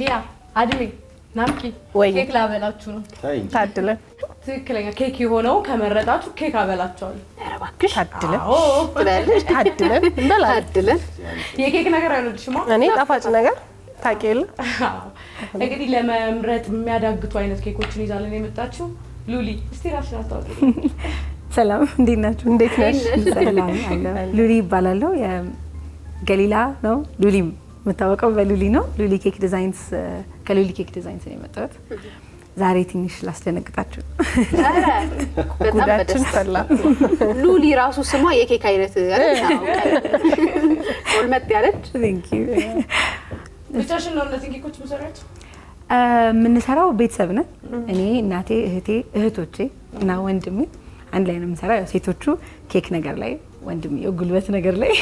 ሊያ አድሜ ናምኪ ኬክ ላበላችሁ ነው። ታድለን ትክክለኛ ኬክ የሆነው ከመረጣችሁ ኬክ አበላችኋለሁ። የኬክ ነገር አይወድሽማ። እኔ ጣፋጭ ነገር ታውቂ እንግዲህ ለመምረጥ የሚያዳግቱ አይነት ኬኮችን ይዛለን የመጣችሁ ሉሊ፣ እስቲ ራስሽን አስታውቂ። ሰላም፣ እንዴት ናችሁ? እንዴት ነሽ? ሉሊ ይባላለሁ። ገሊላ ነው ሉሊም የምታወቀው በሉሊ ነው። ሉሊ ኬክ ዲዛይንስ ከሉሊ ኬክ ዲዛይንስ ነው የመጣሁት። ዛሬ ትንሽ ላስደነግጣችሁ ጉዳችን ፈላ። ሉሊ ራሱ ስሟ የኬክ አይነት ወልመጥ ያለች ብቻሽን ነው እነዚህ ኬኮች የምሰራቸው? የምንሰራው ቤተሰብ ነን። እኔ እናቴ፣ እህቴ፣ እህቶቼ እና ወንድሜ አንድ ላይ ነው የምንሰራው። ሴቶቹ ኬክ ነገር ላይ ወንድም ጉልበት ነገር ላይ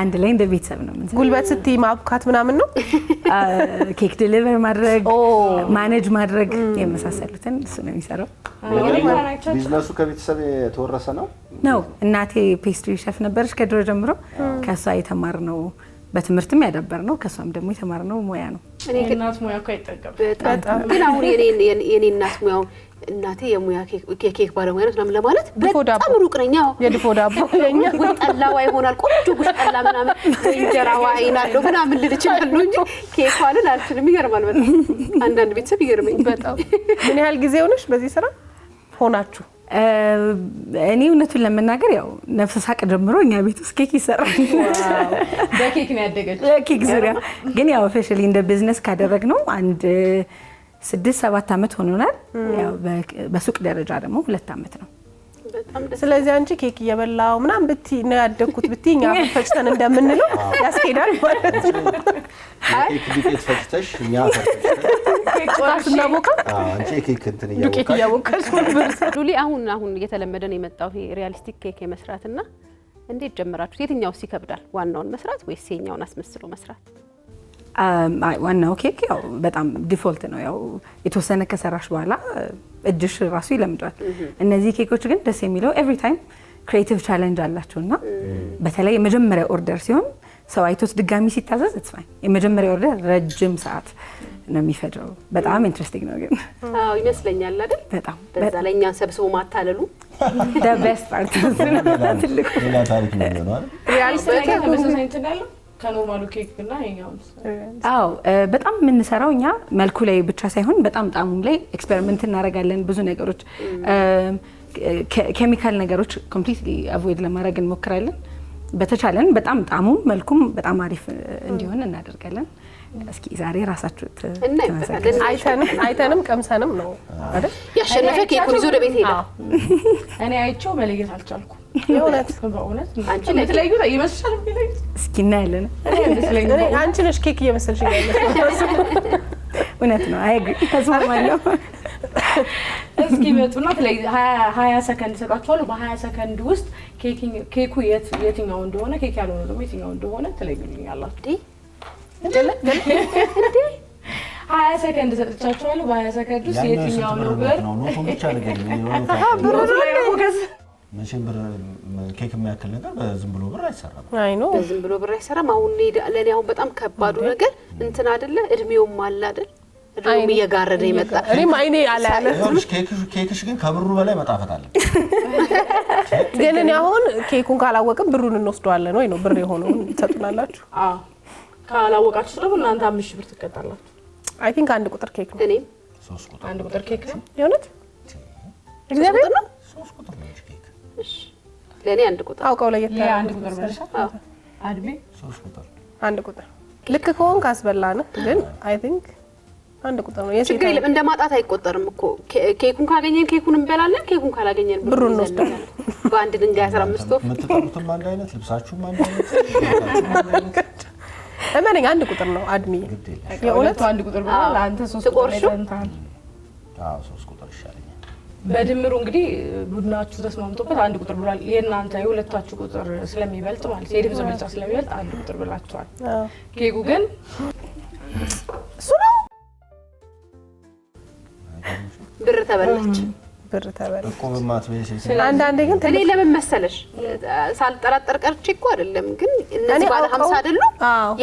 አንድ ላይ እንደ ቤተሰብ ነው። ጉልበት ስትይ ማብካት ምናምን ነው፣ ኬክ ዴሊቨር ማድረግ፣ ማኔጅ ማድረግ የመሳሰሉትን እሱ ነው የሚሰራው። ቢዝነሱ ከቤተሰብ የተወረሰ ነው ነው። እናቴ ፔስትሪ ሸፍ ነበረች ከድሮ ጀምሮ። ከእሷ የተማርነው በትምህርትም ያዳበር ነው፣ ከእሷም ደግሞ ነው ሙያ ነው። እናት ሙያ እኮ አይጠገም ግን፣ አሁን የኔ እናት ሙያው እናቴ የሙያ የኬክ ባለሙያ ናት ምናምን ለማለት በጣም ሩቅ የድፎ ዳቦ ጠላዋ ይሆናል ቆንጆ ጉሽ ምናምን እንጀራዋ አይናለሁ ምናምን ልል እችላለሁ እንጂ ኬኳልን አልችልም። ይገርማል። በጣም አንዳንድ ቤተሰብ ይገርመኝ። በጣም ምን ያህል ጊዜ ሆነሽ በዚህ ስራ ሆናችሁ? እኔ እውነቱን ለመናገር ያው ነፍሰ ሳቅ ጀምሮ እኛ ቤት ውስጥ ኬክ ይሰራል። በኬክ ነው ኬክ ዙሪያ ግን ያው ኦፊሻሊ እንደ ቢዝነስ ነው አንድ ስድስት ሰባት ዓመት ሆኖናል። በሱቅ ደረጃ ደግሞ ሁለት ዓመት ነው። ስለዚህ አንቺ ኬክ እየበላው ምናምን ብቲ ነው ያደግኩት ብቲ እኛ ፈጭተን እንደምንለው ያስኬዳል ማለት ነው። ኬክ ዱቄት ፈጭተሽ እኛ ዱቄት ሉሊ፣ አሁን አሁን እየተለመደ ነው የመጣው ይሄ ሪያሊስቲክ ኬክ የመስራት እና እንዴት ጀመራችሁ? የትኛውስ ይከብዳል? ዋናውን መስራት ወይስ የኛውን አስመስሎ መስራት? ዋናው ኬክ ያው በጣም ዲፎልት ነው ያው የተወሰነ ከሰራሽ በኋላ እጅሽ ራሱ ይለምዷል። እነዚህ ኬኮች ግን ደስ የሚለው ኤቭሪ ታይም ክሬቲቭ ቻሌንጅ አላቸው እና በተለይ የመጀመሪያ ኦርደር ሲሆን ሰው አይቶት ድጋሚ ሲታዘዝ ፋይን። የመጀመሪያ ኦርደር ረጅም ሰዓት ነው የሚፈጀው። በጣም ኢንትረስቲንግ ነው ግን ይመስለኛል አይደል? በጣም በዛ ላይ ሰብስቦ ማታለሉ ደ ቤስት ፓርት ነው ያለው ከኖርማሉ ኬክ እና ይሄኛው አዎ፣ በጣም የምንሰራው እኛ መልኩ ላይ ብቻ ሳይሆን በጣም ጣሙ ላይ ኤክስፐሪመንት እናደርጋለን። ብዙ ነገሮች ኬሚካል ነገሮች ኮምፕሊት አቮይድ ለማድረግ እንሞክራለን። በተቻለን በጣም ጣሙም መልኩም በጣም አሪፍ እንዲሆን እናደርጋለን። እስኪ ዛሬ ራሳችሁ አይተንም ቀምሰንም ነው ያሸነፈ ኬኩን ይዞ ወደ ቤት ሄደ። እኔ አይቼው መለየት አልቻልኩም። እስኪ እናያለን። አንቺ ነሽ ኬክ እየመሰልሽ እውነት ነው። አይ ተስማማለሁ። እስኪ ይመጡና ሀያ ሰከንድ እሰጣችኋለሁ። በሀያ ሰከንድ ውስጥ ኬኩ የትኛው እንደሆነ ኬክ ያልሆነ ደግሞ የትኛው እንደሆነ ትለዩልኛላችሁ። ሀያ ሰከንድ እሰጥቻችኋለሁ። በሀያ ሰከንድ ውስጥ የትኛው ነው መቼም ብር ኬክ የሚያክል ነገር በዝም ብሎ ብር አይሰራም። አይ ኖ በዝም ብሎ ብር አይሰራም። አሁን ለእኔ አሁን በጣም ከባዱ ነገር እንትን አይደለ እድሜውም አለ አይደል እድሜውም እየጋረደ ይመጣ። እኔም አይኔ አለ ያለ ኬክሽ ግን ከብሩ በላይ መጣፈጥ አለ። ግን እኔ አሁን ኬኩን ካላወቅም ብሩን እንወስደዋለን ወይ ነው ብር የሆነውን ይሰጡናላችሁ። ካላወቃችሁ ደግሞ እናንተ አምስት ሺህ ብር ትቀጣላችሁ። አይ ቲንክ አንድ ቁጥር ኬክ ነው። እኔም ሶስት ቁጥር አንድ ቁጥር ኬክ ነው የእውነት እግዚአብሔር ነው ሶስት ቁጥር ነው ለእኔ አንድ ቁጥር አውቀው ለየት ያለ አንድ ቁጥር አድሜ ሶስት ቁጥር አንድ ቁጥር ልክ ከሆን ካስበላን ግን አይ ቲንክ አንድ ቁጥር ነው ችግር የለም። እንደ ማጣት አይቆጠርም እኮ ኬኩን ካገኘን ኬኩን እንበላለን፣ ኬኩን ካላገኘን እንወስዳለን። በአንድ ድንጋይ 15 ወፍ የምትጠሩትም አንድ አይነት ልብሳችሁም አንድ አይነት እመነኝ፣ አንድ ቁጥር ነው አድሜ። አንድ ቁጥር ሶስት ቁጥር ይዘንታል። ሶስት ቁጥር ይሻለኛል። በድምሩ እንግዲህ ቡድናችሁ ተስማምቶበት አንድ ቁጥር ብሏል። የእናንተ የሁለታችሁ ቁጥር ስለሚበልጥ ማለት የድምፅ ብልጫ ስለሚበልጥ አንድ ቁጥር ብላችኋል። ኬጉ ግን እሱ ነው። ብር ተበላች። ብር ተበላ አንዳንዴ ግን እኔ ለምን መሰለሽ ሳልጠራጠር ቀርቼ እኮ አይደለም፣ ግን እነዚህ ባለ ሀምሳ አይደሉ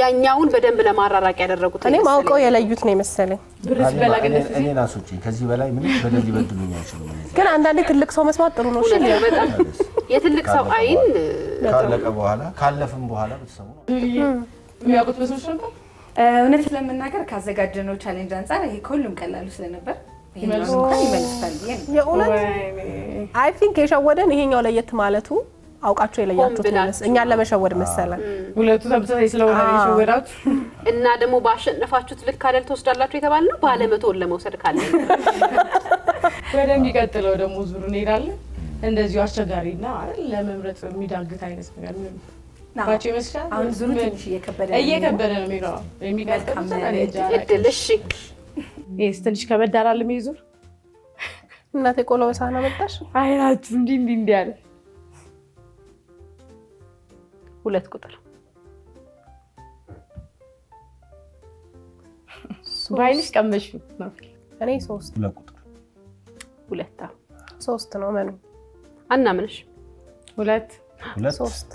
ያኛውን በደንብ ለማራራቅ ያደረጉት እኔ አውቀው የለዩት ነው የመሰለኝ። እኔ ራሱ ከዚህ በላይ ምን በደንብ ይበድሉኝ አይችሉም። ግን አንዳንዴ ትልቅ ሰው መስማት ጥሩ ነው። እሺ የትልቅ ሰው አይን ካለቀ በኋላ ካለፍም በኋላ ብትሰሙ የሚያውቁት በሰዎች ነበር። እውነት ለመናገር ካዘጋጀነው ቻሌንጅ አንጻር ይሄ ከሁሉም ቀላሉ ስለነበር የእውነት አይ ቲንክ የሸወደን ይሄኛው ለየት ማለቱ አውቃችሁ የለያችሁት ይመስል እኛን ለመሸወድ መሰለን። ሁለቱ ተመሳሳይ ስለሆነ የሸወዳችሁ እና ደግሞ ባሸነፋችሁት ልክ አይደል ትወስዳላችሁ የተባልነው ባለመቶውን ለመውሰድ ካለ ወደሚቀጥለው ደግሞ ዙር እንሄዳለን። እንደዚሁ አስቸጋሪና ለመምረጥ የሚዳግት አይነት ነገር ባቸው ይመስላል። አሁን ዙሩ ትንሽ እየከበደ ነው የሚለው የሚቀጥለው ይሄስ ትንሽ ከበድ አላለም? ይዙር እናቴ ቆሎ በሳህን አመጣሽ። አይናችሁ እንዲህ እንዲህ እንዲህ አለ። ሁለት ቁጥር በአይንሽ ቀመሽ። እኔ ሶስት ሁለት ቁጥር ሁለት ሶስት ነው መኑ አናምንሽ። ሁለት ሶስት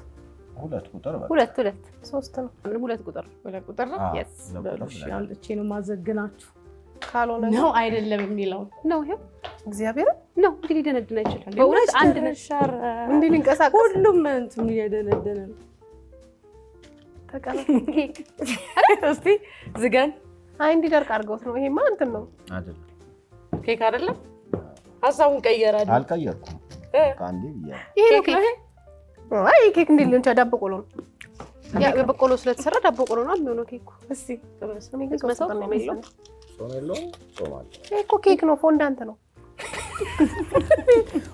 ሁለት ቁጥር ሁለት ሁለት ሶስት ነው ሁለት ቁጥር ሁለት ቁጥር ነው። የስ በሉሽ ያልቼ ነው ማዘግናችሁ ካልሆነ ነው አይደለም የሚለው ነው። ይሄው እግዚአብሔር ነው እንግዲህ ደነድና ይችላል። በእውነት አንድ ነሻር እንዴ ሊንቀሳቀስ ሁሉም እንትን እየደነደነ ነው። ተቀበል እስቲ ዝገን። አይ እንዲደርቅ አድርገውት ነው። ይሄማ እንትን ነው አይደለም ኬክ አይደለም። ሀሳቡን ቀየራል። አልቀየርኩም። ዳቦ ቆሎ ስለተሰራ ዳቦ ቆሎ ነው የሚሆነው ኬኩ። እስቲ ጾም የለውም። ጾም እኮ ኬክ ነው፣ ፎንዳንት ነው።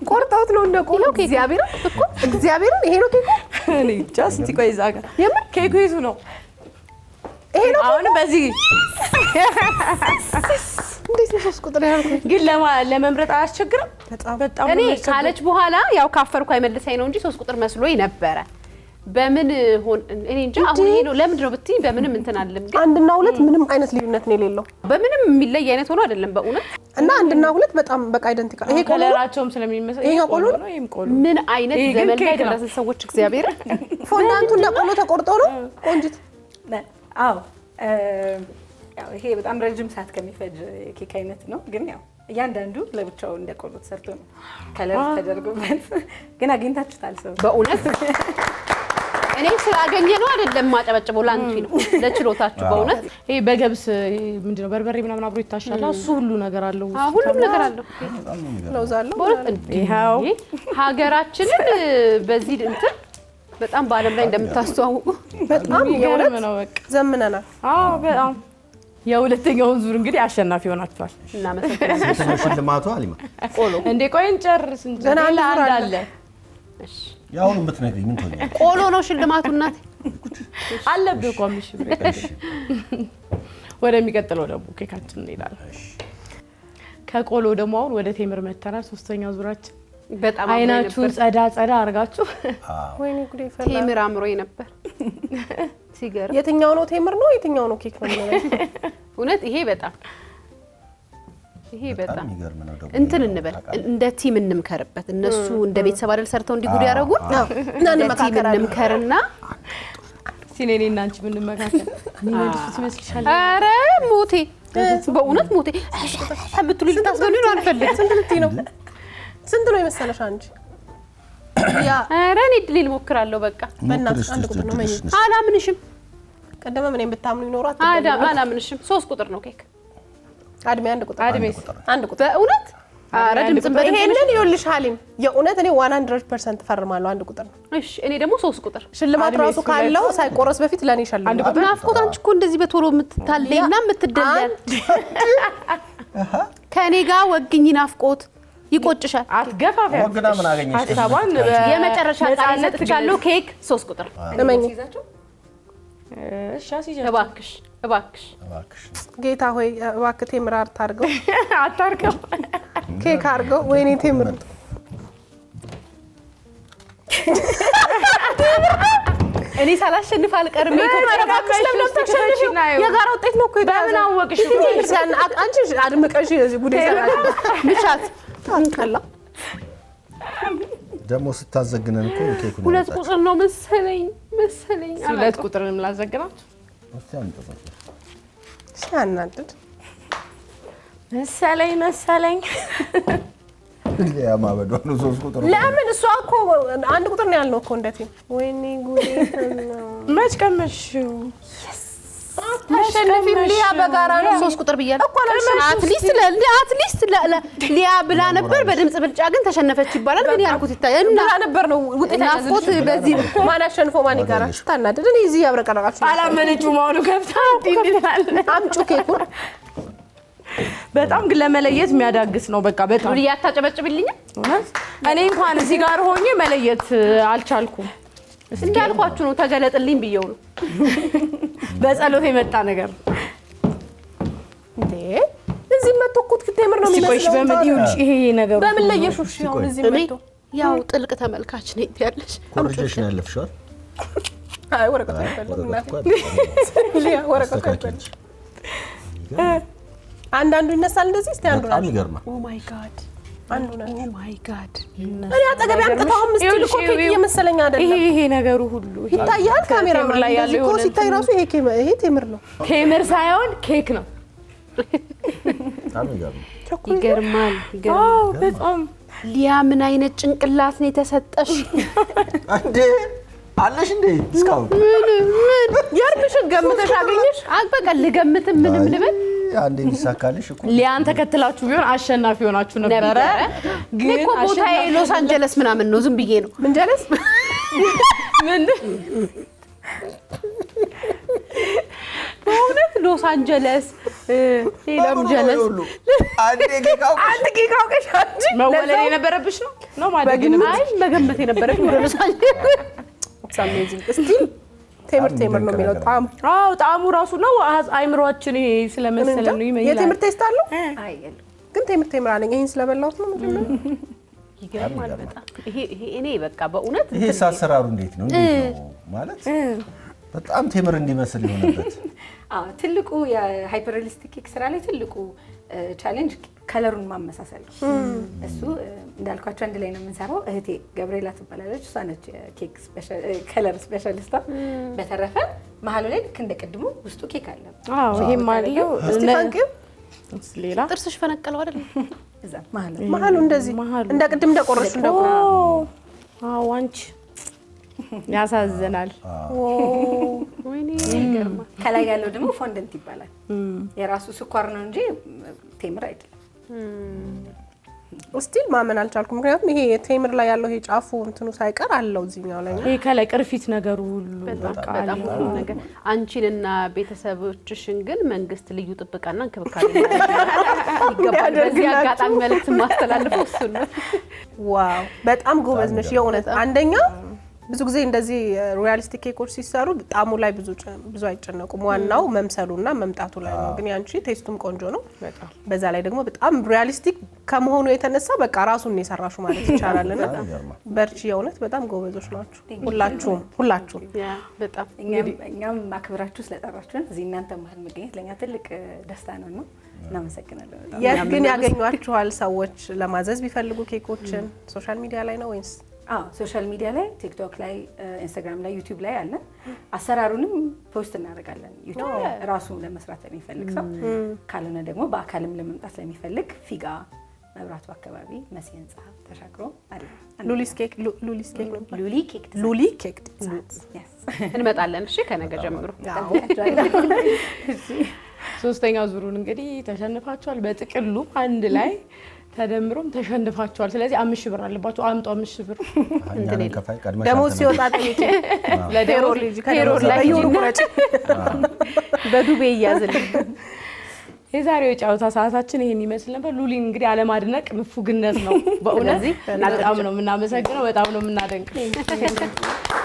ቆርጠውት ነው እንደ ቆሎ ኬክ። እኮ እግዚአብሔርን፣ ይሄ ነው ኬኩ። እኔ ብቻ እስቲ ቆይ፣ እዛ ጋር የምር ኬኩ የቱ ነው? ይሄ ነው አሁን በዚህ ነው ሶስት ቁጥር ግን ለመምረጥ አያስቸግርም። እኔ ካለች በኋላ ያው ካፈርኩ አይመልሰኝ ነው እንጂ ሶስት ቁጥር መስሎኝ ነበረ። በምን ሆን እኔ እንጃ። አሁን ይሄ ነው ለምንድን ነው ብትይ፣ በምንም እንትን አለም ግን አንድና ሁለት ምንም አይነት ልዩነት ነው የሌለው። በምንም የሚለይ አይነት ሆኖ አይደለም በእውነት እና አንድና ሁለት በጣም በቃ አይደንቲካል። ይሄ ከለራቸውም ስለሚመሰል ይሄ ቆሎ ምን አይነት ዘመን ላይ ደረስን ሰዎች። እግዚአብሔር ፎንዳንቱን ለቆሎ ተቆርጦ ነው ቆንጅት። አዎ ያው ይሄ በጣም ረጅም ሰዓት ከሚፈጅ ኬክ አይነት ነው ግን ያው እያንዳንዱ ለብቻው እንደ ቆሎ ተሰርቶ ነው ከለር ተደርጎበት ግን አግኝታችሁታል ሰው በእውነት እኔ ስላገኘ ነው አይደለም ማጨበጭበው፣ ላንቺ ነው ለችሎታችሁ። በእውነት ይሄ በገብስ ምንድነው በርበሬ ምናምን አብሮ ይታሻል። እሱ ሁሉ ነገር አለው፣ ሁሉም ነገር አለው። ይኸው ሀገራችንን በዚህ እንትን በጣም በዓለም ላይ እንደምታስተዋውቁ በጣም የእውነት ነው። በቃ ዘምነናል። አዎ በጣም የሁለተኛውን ዙር እንግዲህ አሸናፊ ሆናችኋል። እናመሰግናለን። ሽልማቱ አሊማ ቆሎ እንዴ ቆይን ጨርስ እንጂ አንድ አለ ያሁን የምትነግሪኝ ምን ትሆኛለሽ? ቆሎ ነው ሽልማቱ። እናቴ አለብህ እኮ አምሽም። ወደሚቀጥለው ደግሞ ኬካችን እንሄዳለን። ከቆሎ ደግሞ አሁን ወደ ቴምር መተናል። ሶስተኛው ዙራችን በጣም አይናችሁን ጸዳ ጸዳ አድርጋችሁ ቴምር አምሮ ነበር። ሲገርም የትኛው ነው ቴምር ነው የትኛው ነው ኬክ ነው? እውነት ይሄ በጣም ይሄ በጣም እንትን እንበል እንደ ቲም እንምከርበት። እነሱ እንደ ቤተሰብ አይደል ሰርተው እንዲጉድ ያደረጉን እንደ ቲም እንምከርና ሲኔኔ እና አንቺ ብንመካከል የሚመልሱት ሞቴ በእውነት ሞቴ ምትሉ ልታስበሉ ነው። አልፈልግም። ስንት ልትይ ነው? ስንት ነው የመሰለሽ አንቺ? ኧረ እኔ ድሌል ሞክራለሁ። በቃ በእናትሽ አንድ ቁጥር ነው። አላምንሽም። ቀደመ ምን ብታምኑ ይኖሯት። አላምንሽም። ሶስት ቁጥር ነው ኬክ አድሜ አንድ ቁጥር አንድ ቁጥር በእውነት ኧረ ድምፅም በድምፅ ይሄንን ይኸውልሽ ሀሊም የእውነት እኔ ዋን ፐርሰንት እፈርማለሁ። አንድ ቁጥር ነው። እሺ እኔ ደግሞ ሶስት ቁጥር ሽልማት ራሱ ካለው ሳይቆረስ በፊት ለእኔ ይሻል። አንድ ቁጥር ናፍቆት። አንቺ እኮ እንደዚህ በቶሎ የምትታለይና የምትደለል ከእኔ ጋር ወግኝ ናፍቆት ይቆጭሻል። አትገፋፊ። ወግና ምን አገኘሽ? ሀሳቧን የመጨረሻ ጣነት ኬክ ሶስት ቁጥር እመኝ እባክሽ እባክሽ ጌታ ሆይ እባክህ ቴምር አታርገው፣ አታርገው፣ ኬክ አርገው። ወይኔ ቴምር እኔ ሳላሸንፍ አልቀርም። የጋራ ውጤት ነው እኮ በምን አወቅሽ? አንቺ አድምቀሽ እዚህ ጉዴ ብቻት አንቀላ ደግሞ ስታዘግነን እኮ ሁለት ቁጥር ነው መሰለኝ መሰለኝ። ሁለት ቁጥርንም ላዘግናችሁ ሲያናድድ መሰለኝ መሰለኝ ለምን? እሷ እኮ አንድ ቁጥር ነው ያልነው እኮ እንደቴ። ወይኔ ጉዴ! መች ቀመሽው? አሸንፊም ሊያ በጋራ ነው። ሶስት ቁጥር ብያለሁ እኮ አትሊስት ሊያ ብላ ነበር። በድምፅ ብልጫ ግን ተሸነፈች ይባላል። ግን ያልኩት ይታያል ነበር ነው በጣም ግን ለመለየት የሚያዳግስ ነው። በቃ በጣም እያታጨበጭብልኝ እኔ እንኳን እዚህ ጋር ሆኜ መለየት አልቻልኩም። እንዳልኳችሁ ነው። ተገለጥልኝ ብየው ነው። በጸሎት የመጣ ነገር እንዴ! እዚህ መጥቶ እኮ ነው የሚመስለው። በምን ይሁንሽ? ይሄ ነገር በምን ለየሽው? እሺ፣ አሁን እዚህ መጥቶ ያው ጥልቅ ተመልካች ነኝ ያለሽ ኮርጆሽ ነው ያለፍሽዋል። አይ ወረቀት አይፈልግም። አንዳንዱ ይነሳል እንደዚህ፣ እስቲ አንዱ ነው። ኦ ማይ ጋድ አንዱ ናቸው። ማይ ጋድ እኔ አጠገቤ አምጥታው ምስል እኮ ኬክ እየመሰለኝ አይደለም። ይሄ ይሄ ነገሩ ሁሉ ይታያል። ካሜራ ላይ ያለው እኮ ሲታይ ራሱ ይሄ ይሄ ቴምር ነው። ቴምር ሳይሆን ኬክ ነው። ይገርማል። ይገርማል በጣም ሊያ፣ ምን አይነት ጭንቅላት ነው የተሰጠሽ እንዴ? አለሽ እንዴ? እስካሁን ምን ምን የርብሽን ገምተሽ አገኘሽ? አቅበቀል ልገምትም ምንም ልበል አንዴ ቢሳካልሽ እኮ ሊያን ተከትላችሁ ቢሆን አሸናፊ ሆናችሁ ነበረ። ግን እኮ ቦታዬ ሎስ አንጀለስ ምናምን ነው። ዝም ብዬ ነው ምንጀለስ ምንድን በእውነት ሎስ አንጀለስ ሌላም ጀለስ አንድ ጌቃ አውቀሽ መወለድ የነበረብሽ ነው ነው ማለት ግን አይ መገንበት የነበረብሽ ወደ ሎስ አንጀለስ ቴምር ቴምር ነው የሚለው ጣዕሙ። አዎ ጣሙ ራሱ ነው አይምሯችን ይሄ ስለመሰለ ነው ይመይላል። የቴምር ቴስት አለው ግን ቴምር ቴምር አለኝ። ይሄን ስለበላሁት ነው ምንድን ነው ይገርማል። በጣም ይሄ እኔ በቃ በእውነት ይሄ ሳሰራሩ እንዴት ነው ማለት በጣም ቴምር እንዲመስል የሆነበት ትልቁ የሃይፐርሪሊስቲክ ኬክ ስራ ላይ ትልቁ ቻሌንጅ ከለሩን ማመሳሰል ነው። እሱ እንዳልኳቸው አንድ ላይ ነው የምንሰራው። እህቴ ገብርኤላ ትባላለች። እሷ ነች ኬክ ከለር ስፔሻሊስቷ። በተረፈ መሀሉ ላይ ልክ እንደ ቅድሙ ውስጡ ኬክ አለ። ይሄም አለው ሌላ ጥርስሽ ፈነቀለው አይደለም? መሀሉ እንደዚህ እንደ ቅድም እንደቆረሱ ዋንች ያሳዝናል። ከላይ ያለው ደግሞ ፎንደንት ይባላል። የራሱ ስኳር ነው እንጂ ቴምር አይደለም። ስቲል ማመን አልቻልኩም። ምክንያቱም ይሄ ቴምር ላይ ያለው ይሄ ጫፉ እንትኑ ሳይቀር አለው እዚህኛው ላይ ይሄ ከላይ ቅርፊት ነገሩ ሁሉ በጣም አንቺን እና ቤተሰቦችሽን ግን መንግስት ልዩ ጥብቃና እንክብካቤ ይገባል። በዚህ አጋጣሚ መልዕክት ማስተላለፍ እሱን ነው። ዋው በጣም ጎበዝ ነሽ የእውነት አንደኛ ብዙ ጊዜ እንደዚህ ሪያሊስቲክ ኬኮች ሲሰሩ ጣሙ ላይ ብዙ ብዙ አይጨነቁም። ዋናው መምሰሉና መምጣቱ ላይ ነው። ግን ያንቺ ቴስቱም ቆንጆ ነው። በዛ ላይ ደግሞ በጣም ሪያሊስቲክ ከመሆኑ የተነሳ በቃ ራሱን የሰራሹ ማለት ይቻላል። ና በርቺ፣ የእውነት በጣም ጎበዞች ናችሁ ሁላችሁም ሁላችሁም። እኛም አክብራችሁ ስለጠራችሁን እዚህ እናንተ መሀል መገኘት ለእኛ ትልቅ ደስታ ነው ነው እናመሰግናለን። የት ግን ያገኟችኋል ሰዎች ለማዘዝ ቢፈልጉ ኬኮችን ሶሻል ሚዲያ ላይ ነው ወይንስ አዎ ሶሻል ሚዲያ ላይ ቲክቶክ ላይ ኢንስታግራም ላይ ዩቲዩብ ላይ አለን። አሰራሩንም ፖስት እናደርጋለን። ዩቲዩብ ራሱ ለመስራት ለሚፈልግ ሰው ካልሆነ ደግሞ በአካልም ለመምጣት ለሚፈልግ ፊጋ መብራቱ አካባቢ መሲ ህንፃ ተሻግሮ አለ ኬክ ሉሊ ኬክ እንመጣለን። እሺ ከነገ ጀምሮ ሶስተኛ ዙሩን እንግዲህ ተሸንፋችኋል። በጥቅሉ አንድ ላይ ተደምሮም ተሸንፋቸዋል። ስለዚህ አምስት ሺህ ብር አለባቸው። አምጡ አምስት ሺህ ብር ደሞዝ ሲወጣ ጠይቄ በዱቤ እያዝልኝ። የዛሬው የጨዋታ ሰዓታችን ይህን ይመስል ነበር። ሉሊን እንግዲህ አለማድነቅ ምፉግነት ነው። በእውነት በጣም ነው የምናመሰግነው፣ በጣም ነው የምናደንቅ